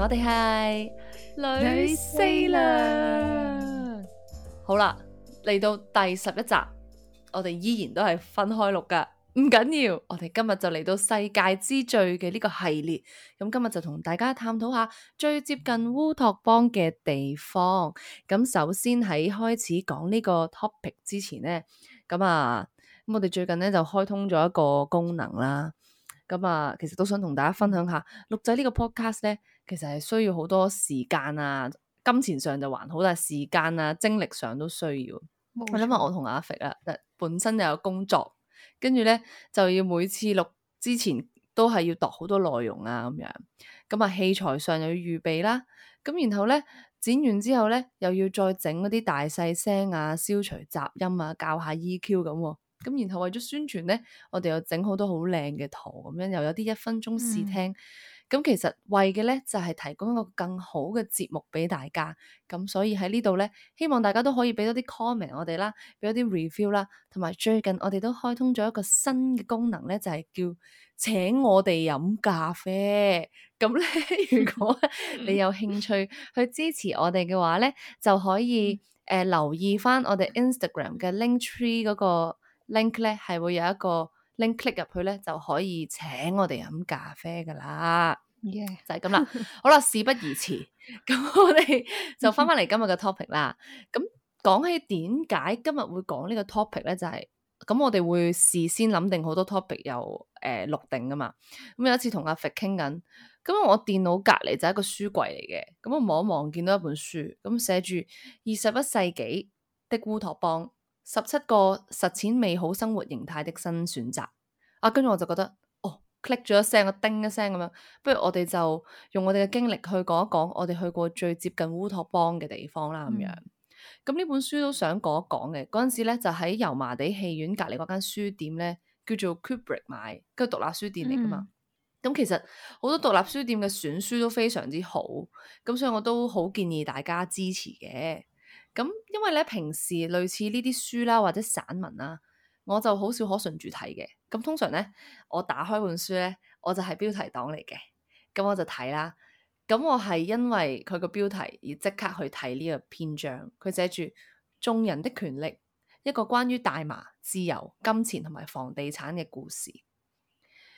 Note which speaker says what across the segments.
Speaker 1: 我哋係女四 i 啦，er、好啦，嚟到第十一集，我哋依然都係分開錄噶，唔緊要，要。我哋今日就嚟到世界之最嘅呢個系列，咁今日就同大家探討下最接近烏托邦嘅地方。咁首先喺開始講呢個 topic 之前呢，咁啊，咁我哋最近咧就開通咗一個功能啦，咁啊，其實都想同大家分享下錄仔個呢個 podcast 咧。其實係需要好多時間啊，金錢上就還好，但係時間啊、精力上都需要、
Speaker 2: 啊。冇錯。我諗下，我同
Speaker 1: 阿肥啊，本身又有工作，跟住咧就要每次錄之前都係要讀好多內容啊，咁樣。咁啊，器材上又要預備啦。咁然後咧剪完之後咧，又要再整嗰啲大細聲啊，消除雜音啊，教下 EQ 咁、啊。咁然後為咗宣傳咧，我哋又整好多好靚嘅圖，咁樣又有啲一分鐘試聽。嗯咁其實為嘅咧就係提供一個更好嘅節目俾大家，咁所以喺呢度咧，希望大家都可以俾多啲 comment 我哋啦，俾多啲 review 啦，同埋最近我哋都開通咗一個新嘅功能咧，就係叫請我哋飲咖啡。咁咧，如果你有興趣去支持我哋嘅話咧，就可以誒留意翻我哋 Instagram 嘅 link tree 嗰個 link 咧，係會有一個。拎 click 入去咧，就可以請我哋飲咖啡噶啦，Yeah. 就係咁啦。 好啦，事不宜遲，咁我哋就翻翻嚟今日嘅 topic 啦。咁講 起點解今日會講呢個 topic 咧，就係、是、咁，我哋會事先諗定好多 topic 又誒錄定噶嘛。咁有一次同阿肥 i t 傾緊，咁我電腦隔離就係一個書櫃嚟嘅，咁我望一望見到一本書，咁寫住二十一世紀的烏托邦。十七個實踐美好生活形態的新選擇啊！跟住我就覺得，哦，click 咗一聲，我叮一聲咁樣。不如我哋就用我哋嘅經歷去講一講，我哋去過最接近烏托邦嘅地方啦，咁樣。咁呢、嗯、本書都想講一講嘅。嗰陣時咧就喺油麻地戲院隔籬嗰間書店咧，叫做 Kubrick 買，跟住獨立書店嚟噶嘛。咁、嗯、其實好多獨立書店嘅選書都非常之好，咁所以我都好建議大家支持嘅。咁，因為咧平時類似呢啲書啦、啊、或者散文啦、啊，我就好少可順住睇嘅。咁通常咧，我打開本書咧，我就係標題黨嚟嘅。咁我就睇啦。咁我係因為佢個標題而即刻去睇呢個篇章。佢寫住《眾人的權力》，一個關於大麻、自由、金錢同埋房地產嘅故事。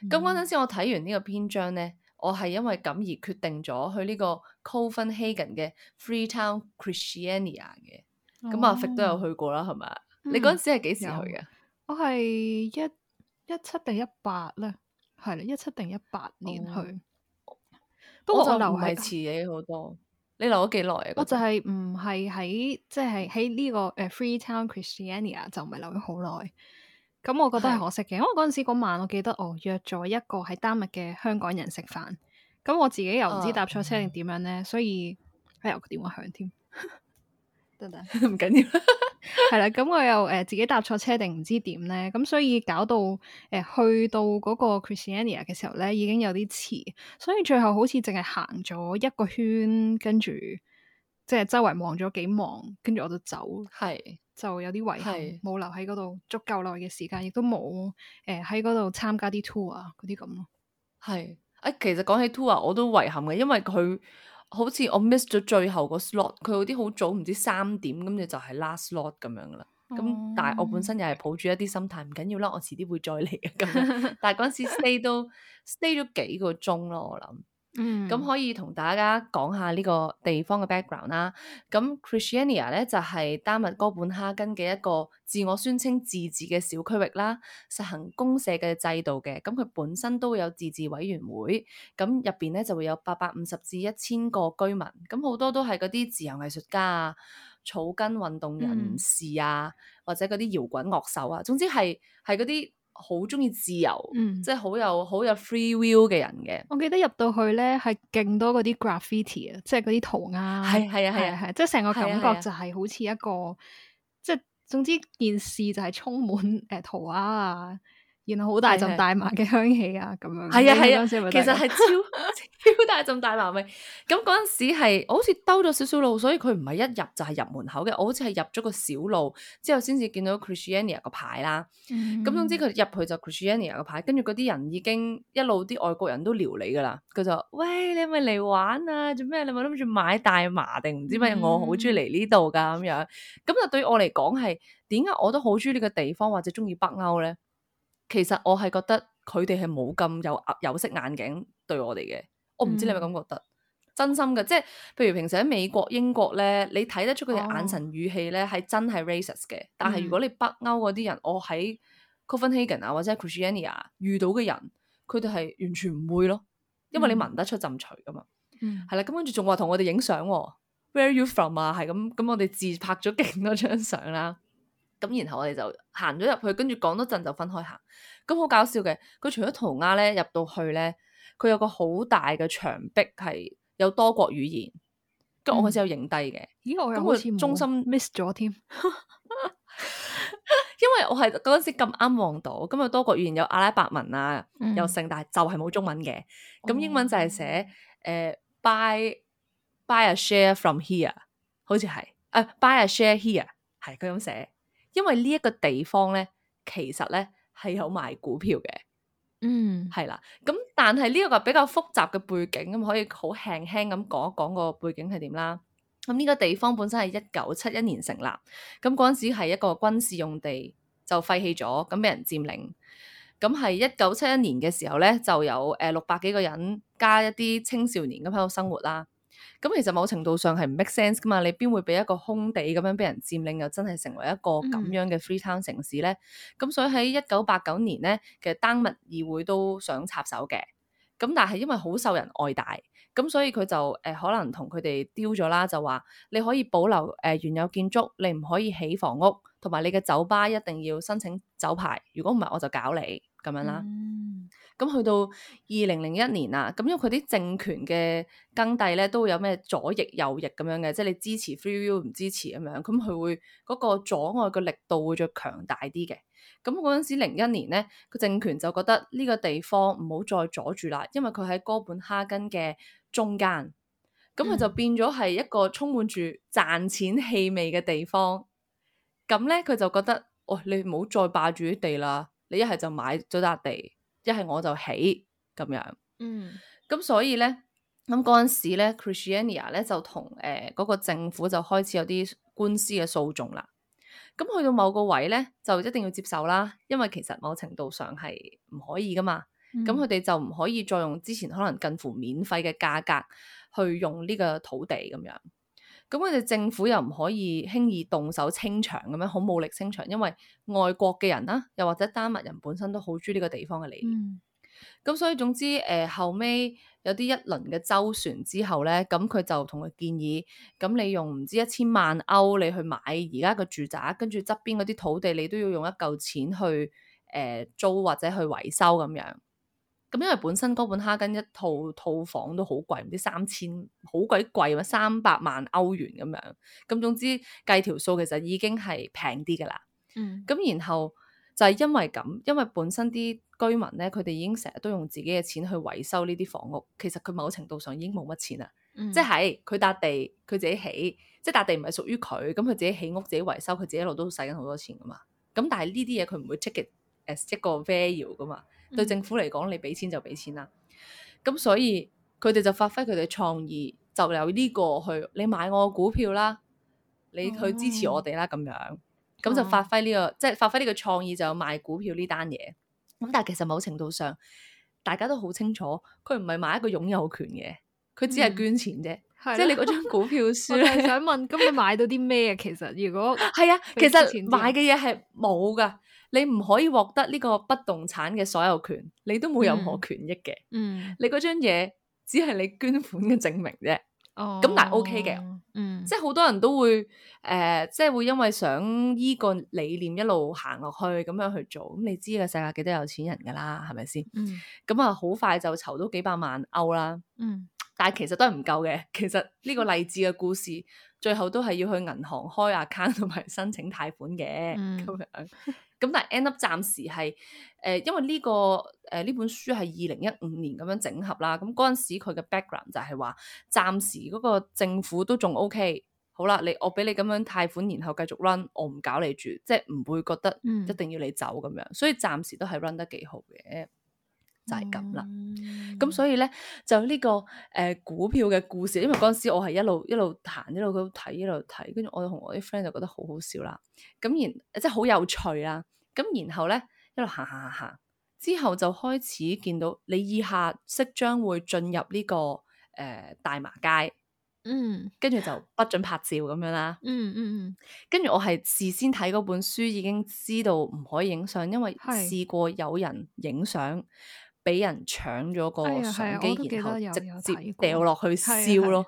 Speaker 1: 咁嗰陣時，我睇完呢個篇章咧。我係因為咁而決定咗去呢個 Copenhagen 嘅 Free Town Christiania 嘅，
Speaker 2: 咁、哦、阿肥都有去
Speaker 1: 過啦，係咪？嗯、你嗰陣時係幾時去嘅？
Speaker 2: 我係一一七定一八咧，係啦，一七定一,一,一八年去。哦、
Speaker 1: 不過我就留係遲啲好多。你
Speaker 2: 留咗幾耐啊？我就係唔係喺即係喺呢個誒、uh, Free Town Christiania 就唔係留咗好耐。咁我覺得係可惜嘅，嗯、因為嗰陣時嗰晚，我記得我、哦、約咗一個喺丹麥嘅香港人食飯，咁我自己又唔知搭錯車定點樣咧，哦、所以哎呀個電話響添，得 得嗎，唔緊要，係啦，咁我又誒、呃、自己搭錯車定唔知點咧，咁所以搞到誒、呃、去到嗰個 Christiania 嘅時候咧已經有啲遲，所以最後好似淨係行咗一個圈，跟住。即係周圍望咗幾望，跟住我就走，是就有啲遺憾，冇是留喺嗰度足夠耐嘅時間，亦都冇誒喺嗰度參加啲 tour 啊嗰啲咁咯。
Speaker 1: 係是，誒、欸、其實講起 tour 我都遺憾嘅，因為佢好似我 miss 咗最後個 slot，佢嗰啲好早，唔知三點咁就就係 last slot 咁樣啦。咁、哦、但係我本身又係抱住一啲心態，唔緊要啦，我遲啲會再嚟嘅。咁， 但係嗰陣時 st 都 stay 都 stay 咗幾個鐘咯，我諗。嗯，咁可以同大家講下呢個地方嘅 background 啦。咁 Christiania 咧就係、是、丹麥哥本哈根嘅一個自我宣稱自治嘅小區域啦，實行公社嘅制度嘅。咁佢本身都有自治委員會，咁入邊咧就會有八百五十至一千個居民，咁好多都係嗰啲自由藝術家啊、草根運動人士啊，嗯、或者嗰啲搖滾樂手啊，總之係係嗰啲。好中意自由，嗯、即係好有好有 free will 嘅人嘅。我
Speaker 2: 記得入到去咧係勁多嗰啲 graffiti 啊，即係嗰啲塗鴉。係係啊係啊係，即係成個感覺是是是就係好似一個，是是即係總之件事就係充滿誒塗鴉啊。然後好大陣大麻嘅香氣啊，咁
Speaker 1: 樣。係 啊係啊，啊，其實係超 超大陣大麻味。咁嗰陣時係我好似兜咗少少路，所以佢唔係一入就係、是、入門口嘅，我好似係入咗個小路之後，先至見到 Christiania 個牌啦。咁、嗯、哼總之佢入去就 Christiania 個牌，跟住嗰啲人已經一路啲外國人都撩你噶啦。佢就喂，你係咪嚟玩啊？做咩？你咪諗住買大麻定唔知咩，嗯、我好中意嚟呢度噶咁樣。咁就對我嚟講係點解我都好中意呢個地方或者中意北歐咧？其實我係覺得佢哋係冇咁有有，有色眼鏡對我哋嘅，我唔知你有冇咁覺得？嗯、真心嘅，即係譬如平時喺美國、英國咧，你睇得出佢哋眼神、語氣咧係、哦、真係 racist 嘅。但係如果你北歐嗰啲人，我喺 Copenhagen 啊或者 Christiania 遇到嘅人，佢哋係完全唔會咯，因為你聞得出陣除㗎嘛。嗯，係啦，咁跟住仲話同我哋影相，Where are you from 啊？係咁，咁我哋自拍咗勁多張相啦。咁，然後我哋就行咗入去，跟住講多陣就分開行。咁、嗯、好搞笑嘅，佢除咗塗鴉咧入到去咧，佢有個好大嘅牆壁係有多國語言。跟我嗰時有影低嘅、
Speaker 2: 嗯，咦？我好有冇中心 miss 咗？添
Speaker 1: 因為我係嗰陣時咁啱望到，咁啊多國語言有阿拉伯文啊，又盛大，嗯、就係冇中文嘅。咁、嗯、英文就係寫誒 buy buy a share from here，好似係誒 buy a share here，係佢咁寫。因為呢一個地方咧，其實咧係有賣股票嘅，嗯，係啦。咁但係呢一個比較複雜嘅背景，咁可以好輕輕咁講一講個背景係點啦。咁、這、呢個地方本身係一九七一年成立，咁嗰陣時係一個軍事用地，就廢棄咗，咁俾人佔領。咁係一九七一年嘅時候咧，就有誒六百幾個人加一啲青少年咁喺度生活啦。咁其實某程度上係唔 make sense 噶嘛，你邊會俾一個空地咁樣俾人佔領，又真係成為一個咁樣嘅 free town 城市咧？咁、嗯、所以喺一九八九年咧，其實丹麥議會都想插手嘅，咁但係因為好受人愛戴，咁所以佢就誒、呃、可能同佢哋丟咗啦，就話你可以保留誒、呃、原有建築，你唔可以起房屋，同埋你嘅酒吧一定要申請酒牌，如果唔係我就搞你咁樣啦。嗯。咁去到二零零一年啊，咁因為佢啲政權嘅更替咧，都會有咩左翼右翼咁樣嘅，即係你支持 freeview 唔支持咁樣，咁佢會嗰個阻礙嘅力度會再強大啲嘅。咁嗰陣時零一年咧，個政權就覺得呢個地方唔好再阻住啦，因為佢喺哥本哈根嘅中間，咁佢就變咗係一個充滿住賺錢氣味嘅地方。咁咧佢就覺得，哦，你唔好再霸住啲地啦，你一係就買咗笪地。一係我就起咁樣，嗯，咁所以咧，咁嗰陣時咧，Christiania 咧就同誒嗰個政府就開始有啲官司嘅訴訟啦。咁去到某個位咧，就一定要接受啦，因為其實某程度上係唔可以噶嘛。咁佢哋就唔可以再用之前可能近乎免費嘅價格去用呢個土地咁樣。咁佢哋政府又唔可以輕易動手清場咁樣，好武力清場，因為外國嘅人啦，又或者丹麥人本身都好中意呢個地方嘅理
Speaker 2: 念。
Speaker 1: 咁、嗯、所以總之，誒、呃、後尾有啲一,一輪嘅周旋之後咧，咁佢就同佢建議，咁你用唔知一千萬歐你去買而家嘅住宅，跟住側邊嗰啲土地，你都要用一嚿錢去誒、呃、租或者去維修咁樣。咁因為本身哥本哈根一套套房都好貴，唔知三千好鬼貴啊，三百萬歐元咁樣。咁總之計條數其實已經係平啲噶啦。嗯。咁然後就係、是、因為咁，因為本身啲居民咧，佢哋已經成日都用自己嘅錢去維修呢啲房屋。其實佢某程度上已經冇乜錢啦。嗯、即係佢搭地，佢自己起，即係搭地唔係屬於佢，咁佢自己起屋、自己維修，佢自己一路都使緊好多錢噶嘛。咁但係呢啲嘢佢唔會 take it as 一個 value 噶嘛。對政府嚟講，你俾錢就俾錢啦。咁所以佢哋就發揮佢哋嘅創意，就由呢個去你買我股票啦，你去支持我哋啦，咁樣咁就發揮呢、呢個、嗯、即係發揮呢個創意，就賣股票呢單嘢。咁但係其實某程度上，大家都好清楚，佢唔係買一個擁有權嘅，佢只係捐錢啫。嗯、即係你嗰張股票書， 想問咁你買到啲咩？其實如果係啊，其實買嘅嘢係冇噶。你唔可以獲得呢個不動產嘅所有權，你都冇任何權益嘅、嗯。嗯，你嗰張嘢只係你捐款嘅證明啫。哦，咁但係 OK 嘅。嗯，即係好多人都會誒、呃，即係會因為想呢個理念一路行落去咁樣去做。咁你知個世界幾多有錢人噶啦，係咪先？嗯，咁啊，好快就籌到幾百萬歐啦。嗯，但係其實都係唔夠嘅。其實呢個勵志嘅故事最後都係要去銀行開 account 同埋申請貸款嘅。嗯，咁樣。咁但係 end up 暫時係誒、呃，因為呢、這個誒呢、呃、本書係二零一五年咁樣整合啦，咁嗰陣時佢嘅 background 就係話，暫時嗰個政府都仲 OK，好啦，你我俾你咁樣貸款，然後繼續 run，我唔搞你住，即係唔會覺得一定要你走咁樣，所以暫時都係 run 得幾好嘅。就係咁啦，咁、mm hmm. 所以咧就呢、這個誒、呃、股票嘅故事，因為嗰陣時我係一路一路行，一路睇，一路睇，跟住我同我啲 friend 就覺得好好笑啦，咁然即係好有趣啦，咁然後咧一路行行行行，之後就開始見到你以下即將會進入呢、這個誒、呃、大麻街，嗯、mm，跟、hmm. 住就不准拍照咁樣啦，嗯嗯嗯，
Speaker 2: 跟、
Speaker 1: hmm. 住我係事先睇嗰本書已經知道唔可以影相，因為試過有人影相。Mm hmm. 俾人搶咗個相機，然後、哎、直接掉落去燒咯。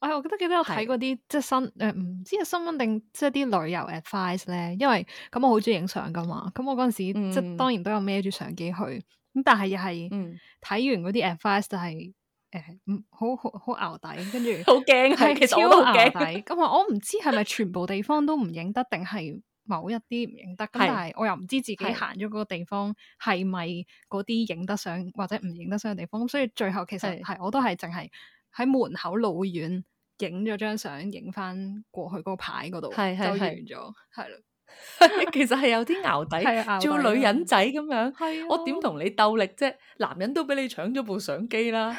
Speaker 2: 哎，我記得記得我睇嗰啲即係新誒唔、呃、知係新聞定即係啲旅遊 advice 咧。因為咁我好中意影相噶嘛，咁我嗰陣時、嗯、即係當然都有孭住相機去。咁但係又係睇完嗰啲 advice 就係誒，嗯，就是呃、好好好淆底，跟住好驚，係超淆底。咁啊，我唔知係咪全部地方都唔影得，定係？某一啲唔認得，咁但係我又唔知自己行咗嗰個地方係咪嗰啲影得相，的或者唔影得相嘅地方，所以最後其實係的我都係淨係喺門口老遠影咗張相，影返過去嗰個牌嗰度的就完咗，係
Speaker 1: 咯的。 其實係有啲淆底，做女人仔咁樣，的我點同你鬥力啫？男人都俾你搶咗部相機啦，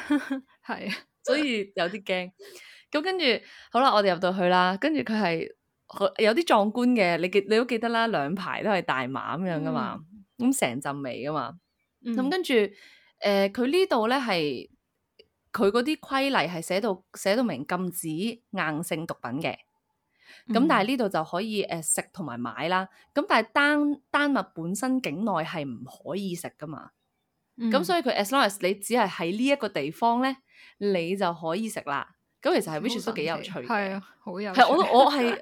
Speaker 1: 係的， 所以有啲驚。咁跟住好啦，我哋入到去啦，跟住佢係。有啲壯觀嘅，你記你都記得啦，兩排都係大麻咁樣噶嘛，咁成、嗯、陣味噶嘛，
Speaker 2: 咁、嗯、跟
Speaker 1: 住，誒、呃，佢呢度咧係佢嗰啲規例係寫到寫到明禁止硬性毒品嘅，咁、嗯、但係呢度就可以誒、呃、食同埋買啦，咁但係丹丹麥本身境內係唔可以食噶嘛，咁、嗯、所以佢 as long as 你只係喺呢一個地方咧，你就可以食啦，咁其實係 which 都幾有趣嘅，
Speaker 2: 係啊，好有趣，係我我係。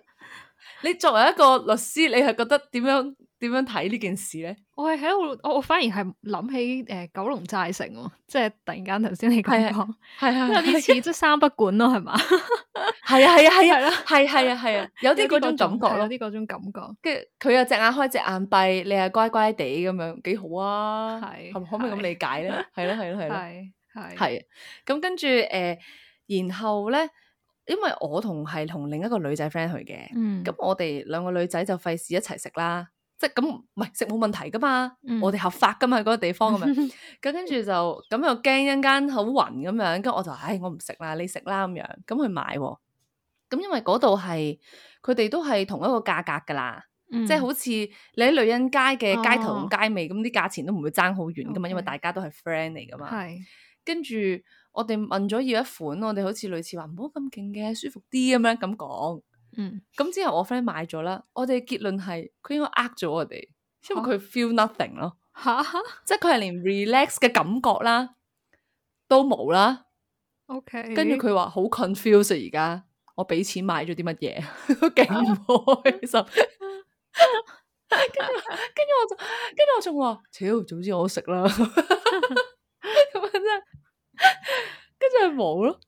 Speaker 1: 你作為一個律師，你係覺得點樣點樣睇呢件事咧？
Speaker 2: 我係喺度我我反而係諗起誒，九龍寨城，即係突然間頭先你講，係係有啲似
Speaker 1: 即係三不管咯，係嘛？係啊係啊係啊啦，
Speaker 2: 係係啊係啊，有啲嗰種感覺咯，啲種感覺。跟
Speaker 1: 住佢又隻眼開隻眼閉，你又乖乖地咁樣，幾好啊？係可唔可以咁理解咧？係咯係咯係咯係，咁跟住誒，然後咧。因為我同係同另一個女仔 friend 去嘅，咁、嗯、我哋兩個女仔就費事一齊食啦，即係咁唔係食冇問題噶嘛，嗯、我哋合法噶嘛嗰個地方咁、哎、樣，咁跟住就咁又驚一間好暈咁樣，跟住我就唉我唔食啦，你食啦咁樣，咁去買喎，咁因為嗰度係佢哋都係同一個價格噶啦，嗯、即係好似你喺女人街嘅街頭街尾咁啲價錢都唔會爭好遠噶嘛，okay, 因為大家都係 friend 嚟噶嘛，係跟住。我哋問咗要一款，我哋好似類似話唔好咁勁嘅，舒服啲咁樣咁講。嗯，咁之後我 friend 買咗啦，我哋結論係佢應該呃咗我哋，因為佢 feel nothing 咯。吓、啊，啊、即係佢係連 relax 嘅感覺啦，都冇啦。
Speaker 2: OK，跟住佢話
Speaker 1: 好 confuse 而家，我俾錢買咗啲乜嘢，勁唔 開心。跟住、啊，跟住 我就，跟住我仲話，屌，早知我食啦。咁樣真係。 跟住冇咯，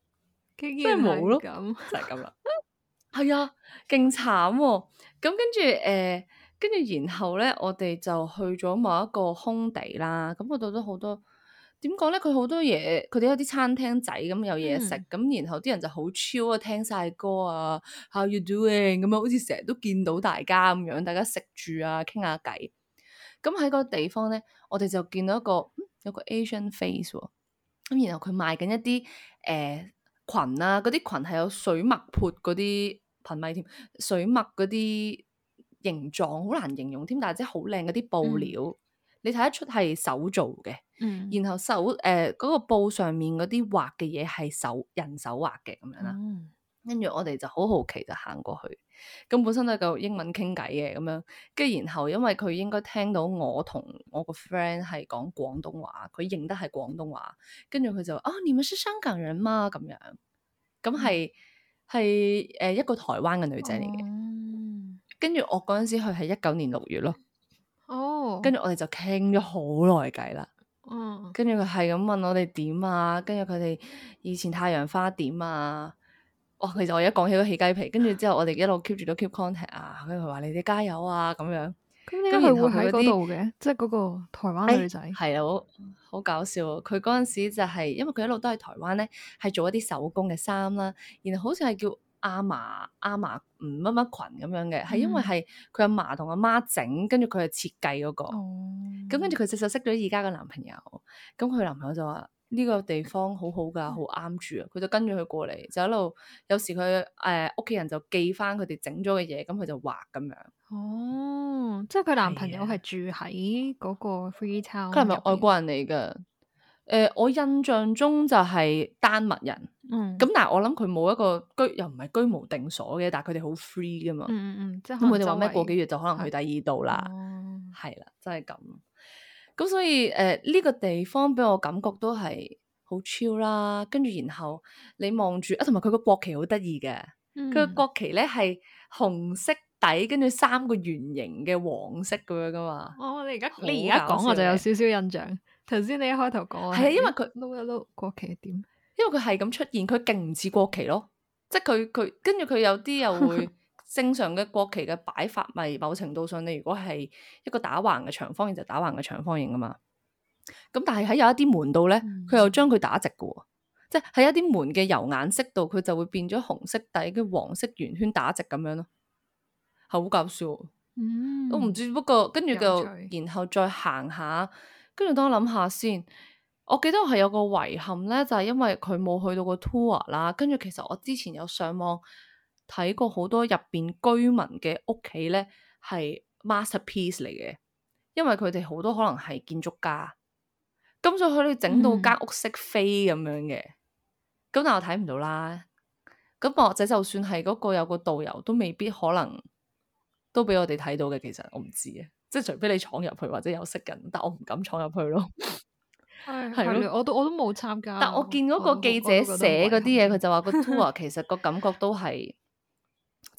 Speaker 1: 即係冇咯，就係咁啦。係這樣 啊，勁慘喎。咁跟住誒，跟、呃、住然後咧，我哋就去咗某一個空地啦。咁嗰度都好多點講咧？佢好多嘢，佢哋有啲餐廳仔咁有嘢食。咁、嗯、然後啲人就好 chill 啊，聽晒歌啊，How you doing？咁樣好似成日都見到大家咁樣，大家食住啊，傾下偈。咁喺個地方咧，我哋就見到一個、嗯、有一個 Asian face 哇、哦。咁然後佢賣緊一啲誒、呃、裙啊，嗰啲裙係有水墨潑嗰啲品味添，水墨嗰啲形狀好難形容添，但係即係好靚嗰啲布料，嗯、你睇得出係手做嘅，嗯、然後手誒嗰、呃嗰個布上面嗰啲畫嘅嘢係手人手畫嘅咁樣啦。嗯跟住我哋就好好奇，就行過去。咁本身都係個英文傾偈嘅咁樣。跟住然後，因為佢應該聽到我同我個 friend 係講廣東話，佢認得係廣東話。跟住佢就啊，oh, 你哋係香港人嗎？咁樣咁係係誒一個台灣嘅女仔嚟嘅。Oh. 跟住我嗰陣時去係一九年六月咯。
Speaker 2: 哦、oh。
Speaker 1: 跟住我哋就傾咗好耐偈啦。跟住佢係咁問我哋點啊？跟住佢哋以前太陽花點啊？哦，其實我一講起都起雞皮，跟住之後我哋一路 keep 住都 keep contact 啊，佢話你哋加油啊咁樣。
Speaker 2: 咁佢會喺嗰度嘅，即係嗰
Speaker 1: 個台灣女仔。係啊、哎，好，搞笑喎！佢嗰陣時就係、係、因為佢一路都喺台灣咧，係做一啲手工嘅衫啦。然後好似係叫阿嫲、阿嫲唔乜乜裙咁樣嘅，係、嗯、因為係佢阿嫲同阿媽整，跟住佢係設計嗰個。哦。咁跟住佢就細識咗而家嘅男朋友，咁佢男朋友就話。呢個地方好好㗎，好啱住啊！佢就跟住佢過嚟，就一路有時佢誒屋企人就寄翻佢哋整咗嘅嘢，咁佢就畫咁樣。
Speaker 2: 哦，即係佢男朋友係住喺嗰個 free town。佢係咪外
Speaker 1: 國人嚟㗎？誒、嗯呃，我印象中就係丹麥人。
Speaker 2: 嗯。咁
Speaker 1: 但係我諗佢冇一個居，又唔係居無定所嘅，但係佢哋好 free 㗎嘛。嗯嗯
Speaker 2: 嗯。咁佢哋話咩？過幾
Speaker 1: 月就可能去第二度啦。係啦、哦，真係咁。咁所以誒呢、呃呢個地方俾我感覺都係好 chill 啦，跟住然後你望住啊，同埋佢個國旗好得意嘅，佢個、嗯、國旗咧係紅色底，跟住三個圓形嘅黃色咁樣噶嘛。
Speaker 2: 我、哦、你而家好你而家講我就有
Speaker 1: 少少印象。頭先你一開頭講係啊，因為佢擼一擼國旗點？因為佢係咁出現，佢勁唔似國旗咯，即係佢佢跟住佢有啲又會。 正常嘅國旗嘅擺法，咪某程度上你如果係一個打橫嘅長方形就打橫嘅長方形啊嘛。咁但係喺有一啲門度咧，佢、嗯、又將佢打直嘅喎，嗯、即係喺一啲門嘅油顏色度，佢就會變咗紅色底嘅黃色圓圈打直咁樣咯，係好搞笑。
Speaker 2: 嗯，我唔知
Speaker 1: 不過跟住就，趣然後再行下，跟住等我諗下先。我記得我係有個遺憾咧，就係因為佢冇去到個 tour 啦。跟住其實我之前有上網。睇過好多入邊居民嘅屋企咧，係 masterpiece 嚟嘅，因為佢哋好多可能係建築家，咁就佢哋整到間屋識飛咁樣嘅。咁、嗯、但係我睇唔到啦。咁或者就算係嗰個有個導遊，都未必可能都俾我哋睇到嘅。其實我唔知嘅，即係除非你闖入去或者有識人，但我唔敢闖入去咯。係係，我
Speaker 2: 都我都冇參加。但我
Speaker 1: 見嗰個記者寫嗰啲嘢，佢就話個 tour 其實個感覺都係。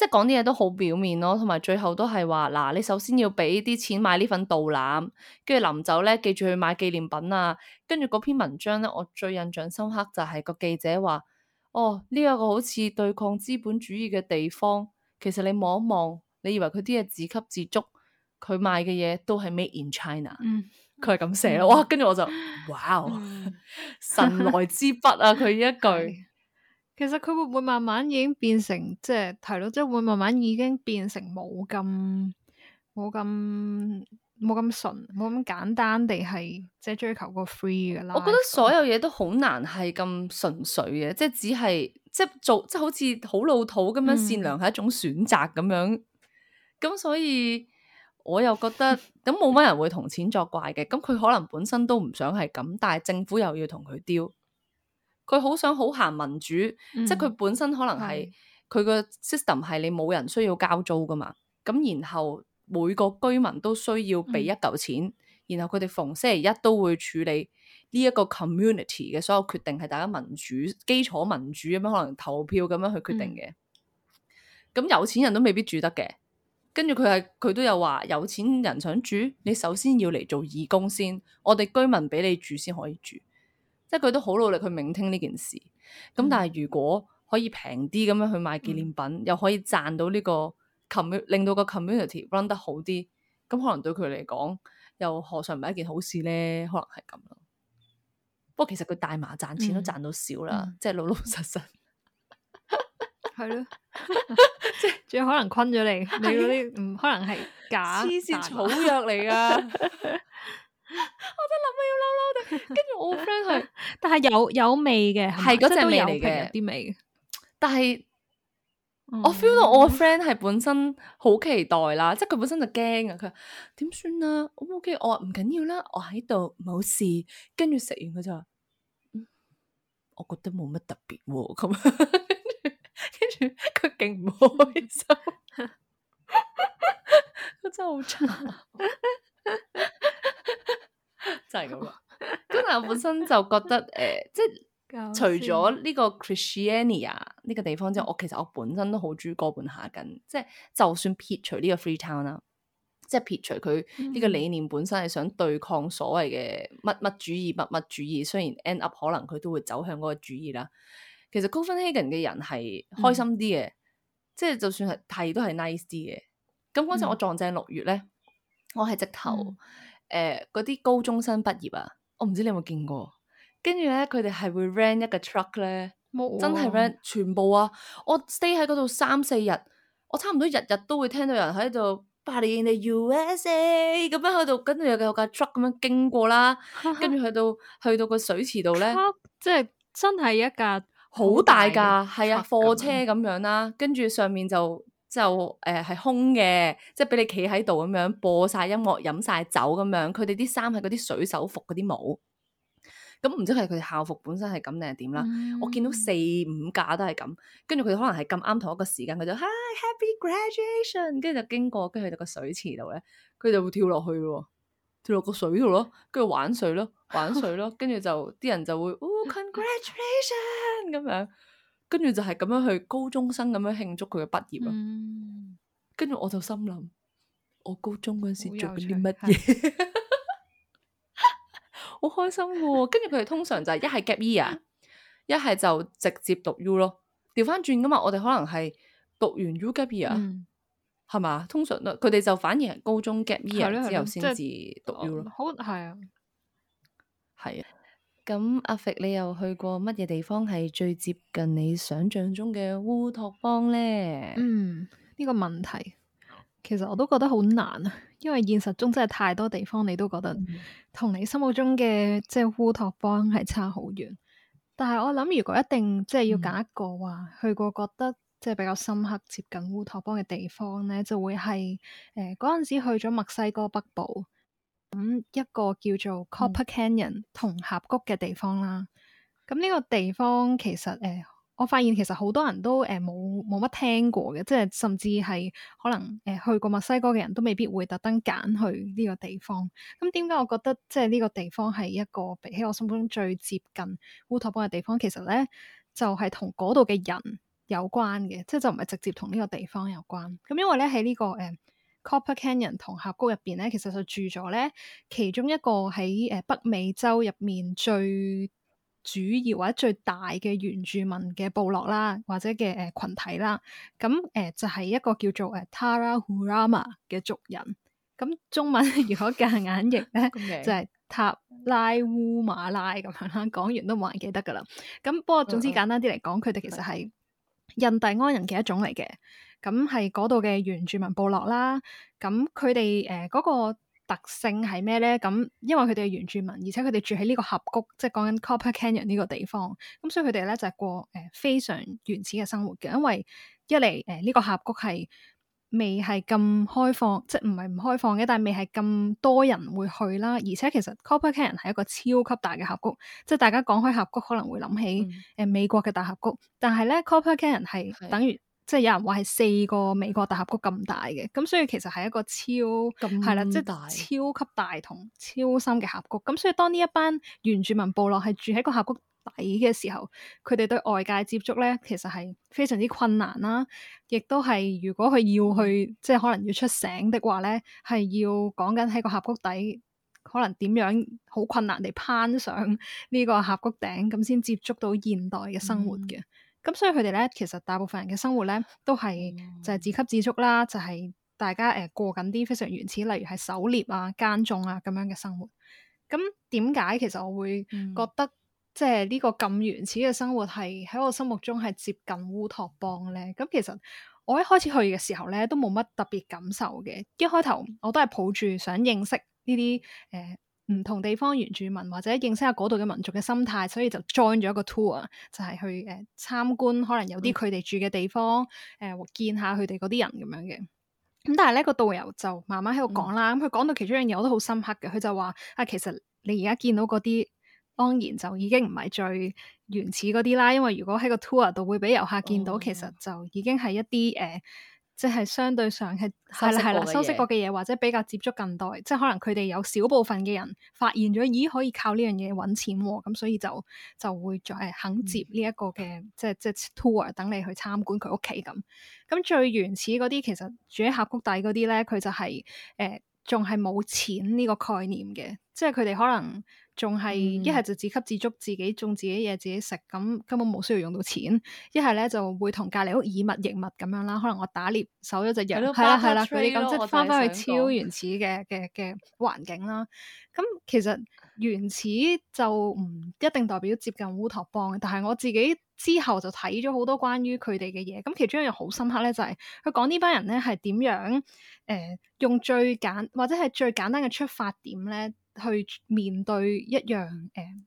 Speaker 1: 即係講啲嘢都好表面咯，同埋最後都係話嗱，你首先要俾啲錢買呢份導覽，跟住臨走咧記住去買紀念品啊。跟住嗰篇文章咧，我最印象深刻就係個記者話：哦，呢、這、一個好似對抗資本主義嘅地方，其實你望一望，你以為佢啲嘢自給自足，佢賣嘅嘢都係 made in China，佢係咁寫咯、嗯。哇！跟住我就哇，神來之筆啊！佢呢 一句。其實佢會唔會慢慢已經變
Speaker 2: 成，即係提咯，即係會慢慢已經變成冇咁冇咁冇咁純，冇咁簡單地係即係追求個
Speaker 1: free 噶啦。我覺得所有嘢都好難係咁純粹嘅，即係只係即係做，即係好似好老土咁樣善良係一種選擇咁樣。咁、嗯、所以我又覺得咁冇乜人會同錢作怪嘅，咁佢可能本身都唔想係咁，但係政府又要同佢 deal。佢好想好行民主，嗯、即係佢本身可能係佢個 system 係你冇人需要交租噶嘛，咁然後每個居民都需要俾一舊錢，嗯、然後佢哋逢星期一都會處理呢一個 community 嘅所有決定係大家民主基礎民主咁樣可能投票咁樣去決定嘅，咁、嗯、有錢人都未必住得嘅，跟住佢係佢都有話有錢人想住，你首先要嚟做義工先，我哋居民俾你住先可以住。即係佢都好努力去聆聽呢件事，咁但係如果可以平啲咁樣去買紀念品，嗯、又可以賺到呢、這個 community 令到個 community run 得好啲，咁可能對佢嚟講又何嘗唔係一件好事咧？可能係咁咯。不過其實佢大麻賺錢都賺到少啦，嗯、即係老老實實係咯，即係仲有可能昆咗你，你啲唔可能係假黐線草藥嚟噶。 我真諗我要嬲嬲地，跟住我個 friend 去，
Speaker 2: 但係有有味嘅，
Speaker 1: 係嗰隻味嚟嘅啲
Speaker 2: 味嘅。
Speaker 1: 嗯、但係我 feel 到我個 friend 係本身好期待啦，即係佢本身就驚啊。佢話點算啊？O K，我話唔緊要啦，我喺度冇事。跟住食完佢就話，嗯，我覺得冇乜特別咁，啊。跟住佢勁唔開心，佢 真係好慘。 就係咁啦，咁 我本身就覺得誒、 呃，即
Speaker 2: 係 除咗呢
Speaker 1: 個 Christiania 呢個地方之外，我其實我本身都好鍾意哥本哈根，即係就算撇除呢個 free town 啦，即係撇除佢呢個理念本身係想對抗所謂嘅乜乜主義、乜乜主義，雖然 end up 可能佢都會走向嗰個主義啦。其實 Copenhagen 嘅人係開心啲嘅，嗯、即係就算係係都係 nice 啲嘅。咁嗰陣我撞正六月咧，我係直頭。嗯誒嗰啲高中生畢業啊，我唔知你有冇見過？跟住咧佢哋係會 rent 一個 truck 咧，oh. 真係 rent 全部啊！我 stay 喺嗰度三四日，我差唔多日日都會聽到有人喺度，party in the USA 咁樣喺度，跟住又有架 truck 咁樣經過啦，跟住 去到去到個水池度咧，即係、就是、真係一架好大架，係的啊貨車咁樣啦，跟住樣上面就。就誒係、呃、空嘅，即係俾你企喺度咁樣播晒音樂、飲晒酒咁樣。佢哋啲衫係嗰啲水手服、嗰啲帽，咁、嗯、唔知係佢哋校服本身係咁定係點啦。嗯、我見到四五架都係咁，跟住佢哋可能係咁啱同一個時間，佢就 Hi, happy graduation，跟住就經過，跟住去到個水池度咧，佢就會跳落去咯，跳落個水度咯，跟住玩水咯，玩水咯，跟住 就啲人就會 o、oh, congratulations 咁樣。跟住就係咁樣去高中生咁樣慶祝佢嘅畢業啊！嗯、跟住我就心諗，我高中嗰時有做緊啲乜嘢？是 好開心嘅、啊！跟住佢哋通常就係一係 gap year，一係就直接讀 U 咯。調翻轉㗎嘛，我哋可能係讀完 U gap year，係嘛、嗯？通常咧，佢哋就反而係高中 gap year 之後先至讀 U 咯。嗯、好係啊，係啊。咁阿肥，你又去過乜嘢地方係最接近你想象中嘅烏托邦咧？嗯，呢個問題，其實我都覺得好難啊，因為現
Speaker 2: 實中真係太多地方你都覺得同你心目中嘅即係烏托邦係差好遠。但係我諗，如果一定即係要揀一個話，嗯、去過覺得即係比較深刻接近烏托邦嘅地方咧，就會係誒嗰陣時去咗墨西哥北部。咁一個叫做 Copper Canyon、嗯、銅峽谷嘅地方啦，咁呢個地方其實誒、呃，我發現其實好多人都誒冇冇乜聽過嘅，即係甚至係可能誒、呃、去過墨西哥嘅人都未必會特登揀去呢個地方。咁點解我覺得即係呢個地方係一個比起我心中最接近烏托邦嘅地方？其實咧就係同嗰度嘅人有關嘅，即係就唔係直接同呢個地方有關。咁因為咧喺呢、這個誒。呃 Copper Canyon 銅峽谷入邊咧，其實就住咗咧其中一個喺誒、呃、北美洲入面最主要或者最大嘅原住民嘅部落啦，或者嘅誒羣體啦。咁誒、呃、就係、是、一個叫做誒 Tarahumara 嘅族人。咁中文如果夾硬譯咧， 就係塔拉烏馬拉咁樣啦。講完都冇人記得噶啦。咁不過總之、嗯、簡單啲嚟講，佢哋、嗯嗯、其實係印第安人嘅一種嚟嘅。咁係嗰度嘅原住民部落啦，咁佢哋誒嗰個特性係咩咧？咁、嗯、因為佢哋係原住民，而且佢哋住喺呢個峽谷，即係講緊 Copper Canyon 呢個地方，咁、嗯、所以佢哋咧就係、是、過誒、呃、非常原始嘅生活嘅，因為一嚟誒呢個峽谷係未係咁開放，即係唔係唔開放嘅，但係未係咁多人會去啦。而且其實 Copper Canyon 係一個超級大嘅峽谷，即係大家講開峽谷可能會諗起誒美國嘅大峽谷，嗯、但係咧 Copper Canyon 係等於。即係有人話係四個美國大峽谷咁大嘅，咁所以其實係一個超係啦，即係超級大同超深嘅峽谷。咁所以當呢一班原住民部落係住喺個峽谷底嘅時候，佢哋對外界接觸咧，其實係非常之困難啦。亦都係如果佢要去即係可能要出城的話咧，係要講緊喺個峽谷底可能點樣好困難地攀上呢個峽谷頂，咁先接觸到現代嘅生活嘅。嗯咁所以佢哋咧，其實大部分人嘅生活咧都係就係自給自足啦，嗯、就係大家誒過緊啲非常原始，例如係狩獵啊、耕種啊咁樣嘅生活。咁點解其實我會覺得、嗯、即係呢個咁原始嘅生活係喺我心目中係接近烏托邦咧？咁其實我一開始去嘅時候咧都冇乜特別感受嘅，一開頭我都係抱住想認識呢啲誒。呃唔同地方原住民或者認識下嗰度嘅民族嘅心態，所以就 join 咗一個 tour，就係去誒、呃、參觀，可能有啲佢哋住嘅地方，誒、嗯呃、見下佢哋嗰啲人咁樣嘅。咁但係呢個導遊就慢慢喺度講啦，咁佢講到其中一樣嘢我都好深刻嘅，佢就話啊，其實你而家見到嗰啲當然就已經唔係最原始嗰啲啦，因為如果喺個 tour 度會俾遊客見到，oh, yeah. 其實就已經係一啲誒。呃即係相對上係係啦係啦，修飾過嘅嘢或者比較接觸近代，即係可能佢哋有少部分嘅人發現咗，咦可以靠呢樣嘢揾錢喎，咁所以就就會再肯接呢一個嘅、嗯、即係即係 tour 等你去參觀佢屋企咁。咁、嗯、最原始嗰啲其實住喺峽谷底嗰啲咧，佢就係誒仲係冇錢呢個概念嘅，即係佢哋可能。仲係一係就自給自足，自己種自己嘢，自己食，咁根本冇需要用到錢。一係咧就會同隔離屋以物易物咁樣啦。可能我打獵收咗隻羊，係啦係啦，佢哋咁即係翻返去超原始嘅嘅嘅環境啦。咁其實原始就唔一定代表接近烏托邦，但係我自己之後就睇咗好多關於佢哋嘅嘢。咁其中一樣好深刻咧，就係、是、佢講呢班人咧係點樣誒、呃、用最簡或者係最簡單嘅出發點咧。去面對一樣誒，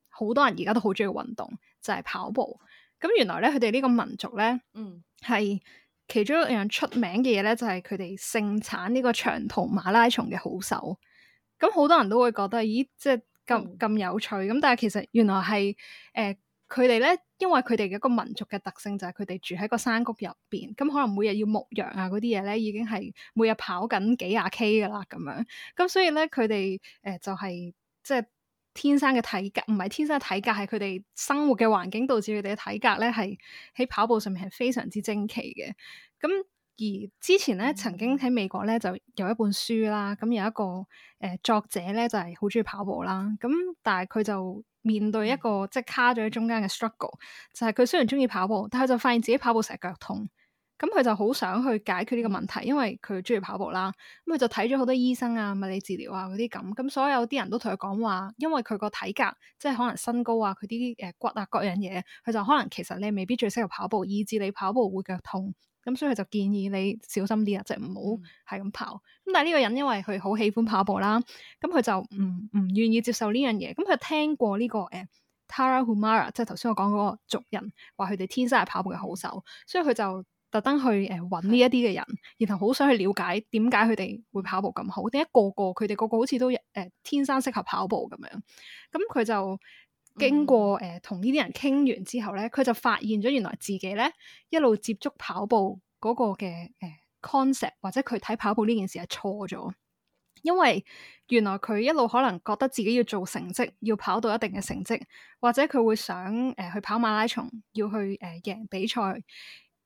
Speaker 2: 好、呃、多人而家都好中意運動，就係、是、跑步。咁原來咧，佢哋呢個民族咧，嗯，係其中一樣出名嘅嘢咧，就係佢哋盛產呢個長途馬拉松嘅好手。咁好多人都會覺得，咦，即係咁咁有趣。咁但係其實原來係誒。呃佢哋咧，因為佢哋嘅一個民族嘅特性就係佢哋住喺個山谷入邊，咁、嗯、可能每日要牧羊啊嗰啲嘢咧，已經係每日跑緊幾廿 k 噶啦咁樣。咁、嗯、所以咧，佢哋誒就係即係天生嘅體格，唔係天生嘅體格，係佢哋生活嘅環境導致佢哋嘅體格咧，係喺跑步上面係非常之精奇嘅。咁、嗯、而之前咧，曾經喺美國咧就有一本書啦，咁、嗯、有一個誒、呃、作者咧就係好中意跑步啦，咁、嗯、但係佢就，面對一個、嗯、即係卡咗喺中間嘅 struggle，就係佢雖然中意跑步，但係就發現自己跑步成日腳痛，咁佢就好想去解決呢個問題，嗯、因為佢中意跑步啦。咁佢就睇咗好多醫生啊、物理治療啊嗰啲咁，咁所有啲人都同佢講話，因為佢個體格即係可能身高啊、佢啲誒骨啊各樣嘢，佢就可能其實你未必最適合跑步，以至你跑步會腳痛。咁、嗯、所以佢就建議你小心啲啊，即係唔好係咁跑。咁、嗯、但係呢個人因為佢好喜歡跑步啦，咁、嗯、佢就唔唔願意接受呢樣嘢。咁、嗯、佢聽過呢、呢個誒、呃、Tara Humara，即係頭先我講嗰個族人話佢哋天生係跑步嘅好手，所以佢就特登去誒揾呢一啲嘅人，的然後好想去了解點解佢哋會跑步咁好，點解個個佢哋個個好似都誒、呃、天生適合跑步咁樣。咁、嗯、佢就。經過誒同呢啲人傾完之後咧，佢就發現咗原來自己咧一路接觸跑步嗰個嘅誒 concept，或者佢睇跑步呢件事係錯咗，因為原來佢一路可能覺得自己要做成績，要跑到一定嘅成績，或者佢會想誒、呃、去跑馬拉松，要去誒贏、呃、比賽。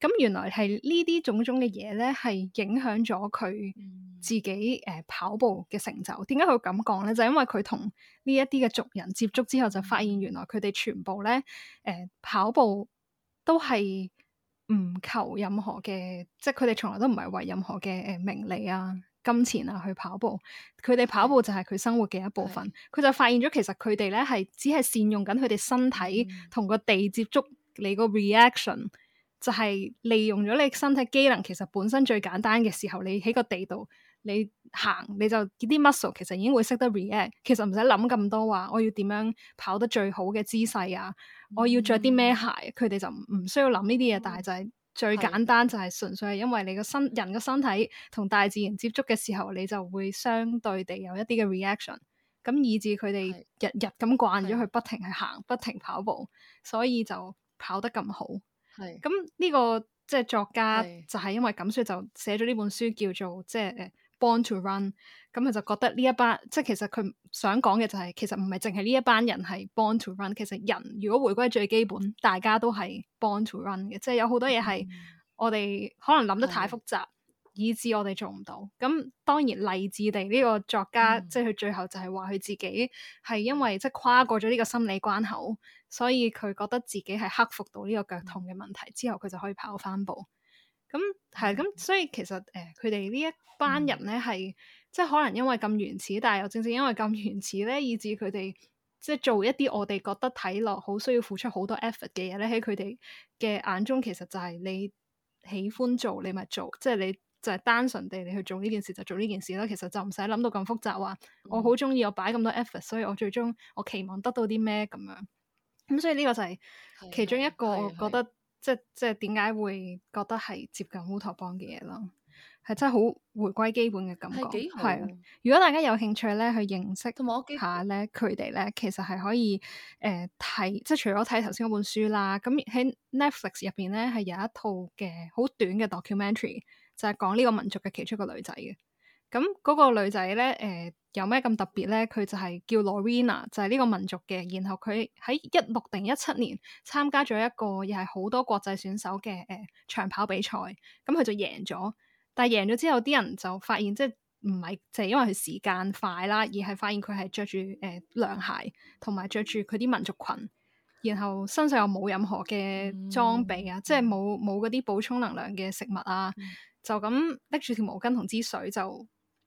Speaker 2: 咁原來係呢啲種種嘅嘢咧，係影響咗佢自己誒、呃、跑步嘅成就。點解佢咁講咧？就係、因為佢同呢一啲嘅族人接觸之後，就發現原來佢哋全部咧誒、呃、跑步都係唔求任何嘅，即係佢哋從來都唔係為任何嘅誒名利啊、金錢啊去跑步。佢哋跑步就係佢生活嘅一部分。佢的就發現咗其實佢哋咧係只係善用緊佢哋身體同個地接觸，你個 reaction。就係利用咗你身體機能，其實本身最簡單嘅時候，你喺個地度，你行你就啲 muscle 其實已經會識得 react，其實唔使諗咁多話、啊，我要點樣跑得最好嘅姿勢啊，我要着啲咩鞋，佢哋、嗯、就唔需要諗呢啲嘢，嗯、但係就係、是嗯、最簡單，就係純粹係因為你個身的人個身體同大自然接觸嘅時候，你就會相對地有一啲嘅 reaction，咁以至佢哋日日咁慣咗去不停係行，不停跑步，所以就跑得咁好。係咁呢個即係、就是、作家就係因為咁所以就寫咗呢本書叫做即係誒 Born to Run 咁佢就覺得呢一班即係、就是、其實佢想講嘅就係、是、其實唔係淨係呢一班人係 Born to Run 其實人如果回歸最基本大家都係 Born to Run 嘅即係有好多嘢係我哋可能諗得太複雜。以致我哋做唔到，咁當然勵志地呢個作家，嗯、即係佢最後就係話佢自己係因為即係跨過咗呢個心理關口，所以佢覺得自己係克服到呢個腳痛嘅問題、嗯、之後，佢就可以跑翻步。咁係，咁，所以其實誒佢哋呢一班人咧係即係可能因為咁原始，但係又正正因為咁原始咧，以致佢哋即係做一啲我哋覺得睇落好需要付出好多 effort 嘅嘢咧，喺佢哋嘅眼中其實就係你喜歡做你咪做，即係你。就係單純地你去做呢件事就做呢件事啦。其實就唔使諗到咁複雜。話、嗯、我好中意我擺咁多 effort，所以我最終我期望得到啲咩咁樣咁、嗯。所以呢個就係其中一個我覺得即係即係點解會覺得係接近烏托邦嘅嘢咯，係真係好回歸基本嘅感覺係啊。如果大家有興趣咧去認識下咧佢哋咧，其實係可以誒睇、呃、即係除咗睇頭先嗰本書啦，咁喺 Netflix 入邊咧係有一套嘅好短嘅 documentary。就係講呢個民族嘅其中一個女仔嘅，咁嗰個女仔咧，誒、呃，有咩咁特別咧？佢就係叫 Lorena，就係呢個民族嘅。然後佢喺一六定一七年參加咗一個，又係好多國際選手嘅誒、呃、長跑比賽。咁、嗯、佢就贏咗，但係贏咗之後，啲人就發現，即係唔係，就係因為佢時間快啦，而係發現佢係着住誒涼鞋，同埋着住佢啲民族裙，然後身上又冇任何嘅裝備啊，嗯、即係冇冇嗰啲補充能量嘅食物啊。嗯就咁拎住條毛巾同支水就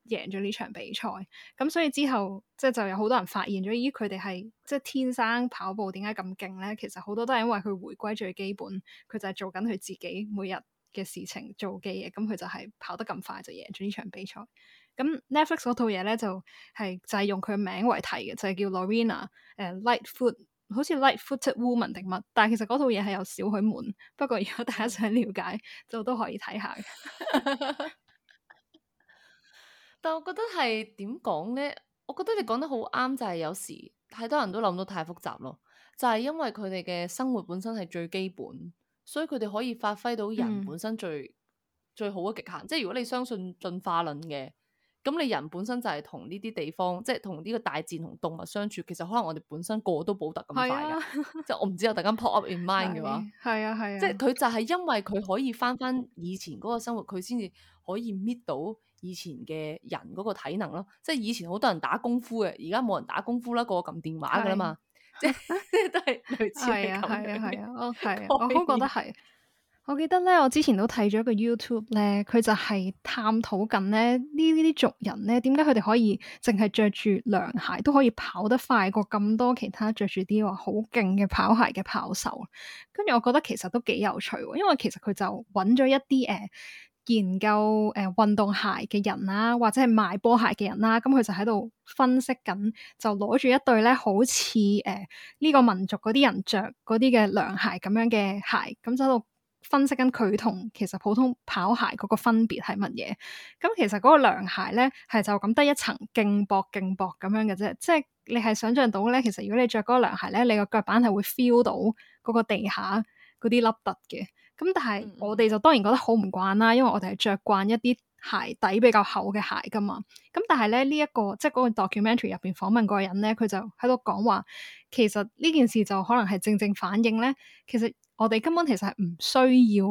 Speaker 2: 贏咗呢場比賽咁，所以之後即係、就是、就有好多人發現咗，咦，佢哋係即係天生跑步點解咁勁咧？其實好多都係因為佢回歸最基本，佢就係做緊佢自己每日嘅事情做嘅嘢，咁佢就係跑得咁快就贏咗呢場比賽。咁 Netflix 嗰套嘢咧就係、是、就係用佢嘅名為題嘅，就係、是、叫 Lorena 誒、uh, Lightfoot。好似《Light Footed Woman》定乜，但係其實嗰套嘢係有少許悶，不過如果大家想了解， 就都可以睇下。
Speaker 1: 但我覺得係點講咧？我覺得你講得好啱，就係、是、有時太多人都諗到太複雜咯。就係、是、因為佢哋嘅生活本身係最基本，所以佢哋可以發揮到人本身最、嗯、最好嘅極限。即係如果你相信進化論嘅。咁你人本身就係同呢啲地方，即係同呢個大自然同動物相處，其實可能我哋本身個個都保得咁快嘅，即係我唔知有突然間 pop up in mind 嘅話，
Speaker 2: 係啊，係啊，即係
Speaker 1: 佢就係因為佢可以翻翻以前嗰個生活，佢先至可以搣到以前嘅人嗰個體能咯。即係以前好多人打功夫嘅，而家冇人打功夫啦，個個撳電話噶啦嘛，即係即係都係類似係咁樣，
Speaker 2: 係啊，哦，係啊，我都覺得係。我記得咧，我之前都睇咗一個 YouTube 咧，佢就係探討緊咧，呢呢啲族人咧，點解佢哋可以淨係着住涼鞋都可以跑得快過咁多其他着住啲話好勁嘅跑鞋嘅跑手。跟住，我覺得其實都幾有趣，因為其實佢就揾咗一啲誒、呃、研究誒運、呃、動鞋嘅人啦、啊，或者係賣波鞋嘅人啦、啊，咁、嗯、佢就喺度分析緊，就攞住一對咧，好似誒呢個民族嗰啲人着嗰啲嘅涼鞋咁樣嘅鞋，咁就喺度。分析緊佢同其實普通跑鞋嗰個分別係乜嘢？咁其實嗰個涼鞋咧，係就咁得一層勁薄勁薄咁樣嘅啫。即係你係想象到咧，其實如果你着嗰個涼鞋咧，你個腳板係會 feel 到嗰個地下嗰啲凹凸嘅。咁但係我哋就當然覺得好唔慣啦，因為我哋係着慣一啲鞋底比較厚嘅鞋噶嘛。咁但係咧呢一個即係嗰個 documentary 入邊訪問嗰個人咧，佢就喺度講話，其實呢件事就可能係正正反映咧，其實。我哋根本其實係唔需要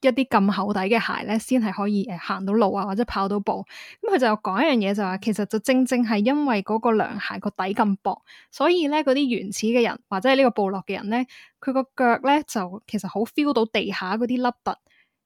Speaker 2: 一啲咁厚底嘅鞋咧，先係可以誒行、呃、到路啊，或者跑到步。咁、嗯、佢就講一樣嘢、就係，就話其實就正正係因為嗰個涼鞋個底咁薄，所以咧嗰啲原始嘅人或者係呢個部落嘅人咧，佢個腳咧就其實好 feel 到地下嗰啲凹凸。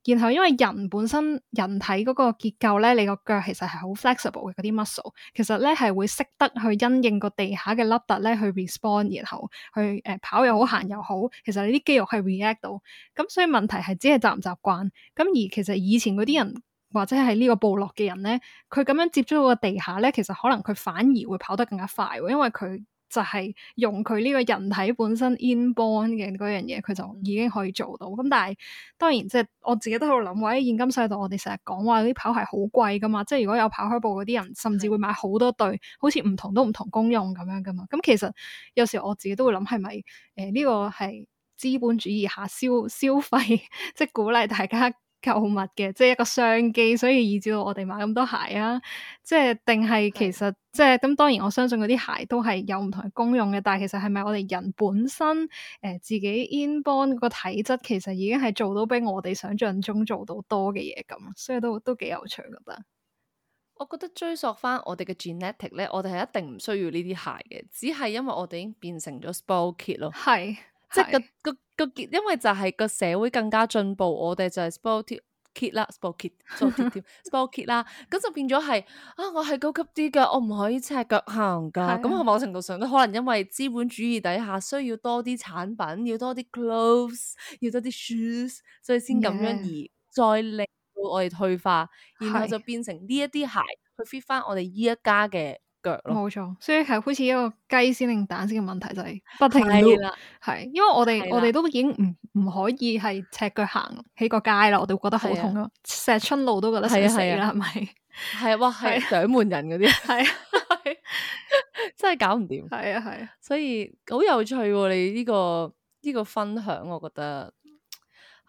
Speaker 2: 然後因為人本身人體嗰個結構咧，你個腳其實係好 flexible 嘅嗰啲 muscle，其實咧係會識得去因應個地下嘅凹凸咧去 respond，然後去誒、呃、跑又好行又好，其實你啲肌肉係 react 到，咁所以問題係只係習唔習慣，咁而其實以前嗰啲人或者係呢個部落嘅人咧，佢咁樣接觸到個地下咧，其實可能佢反而會跑得更加快，因為佢。就係用佢呢個人體本身 inborn 嘅嗰樣嘢，佢就已經可以做到。咁但係當然，即係我自己都喺度諗，喎喺現今世代我，我哋成日講話啲跑鞋好貴㗎嘛，即係如果有跑開步嗰啲人，甚至會買好多對，好似唔同都唔同功用咁樣㗎嘛。咁其實有時我自己都會諗，係咪誒呢個係資本主義下消消費， 即係鼓勵大家。購物嘅，即係一個商機，所以以至到我哋買咁多鞋啊，即係定係其實的即係咁。當然，我相信嗰啲鞋都係有唔同嘅功用嘅，但係其實係咪我哋人本身誒、呃、自己 inborn 嗰個體質，其實已經係做到比我哋想象中做到多嘅
Speaker 1: 嘢，咁，所以都都幾有趣，覺得。我覺得追溯翻我哋嘅 genetic 咧，我哋係一定唔需要呢啲鞋嘅，只係因為我哋已經變成咗 s p o r k y 咯，係即係個個。個結，因為就係個社會更加進步，我哋就係 spoil kid 啦，spoil kid，spoil kid 啦，咁就變咗係啊，我係高級啲㗎，我唔可以赤腳行㗎。咁喺是的 某程度上都可能因為資本主義底下需要多啲產品，要多啲 clothes，要多啲 shoes，所以先咁樣而再令到我哋退化，然後就變成呢一啲鞋去 fit 翻我哋依一家嘅。腳咯，冇
Speaker 2: 錯，所以係好似一個雞先定蛋先嘅問題，就係不停都係，因為我哋我哋都已經唔唔可以係赤腳行起個街咯，我哋會覺得好痛咯，石春路都覺得想死啦，係咪？
Speaker 1: 係哇，係掌門人嗰啲，係真係搞唔掂，係啊係啊，所以好有趣喎，你呢個呢個分享，我覺得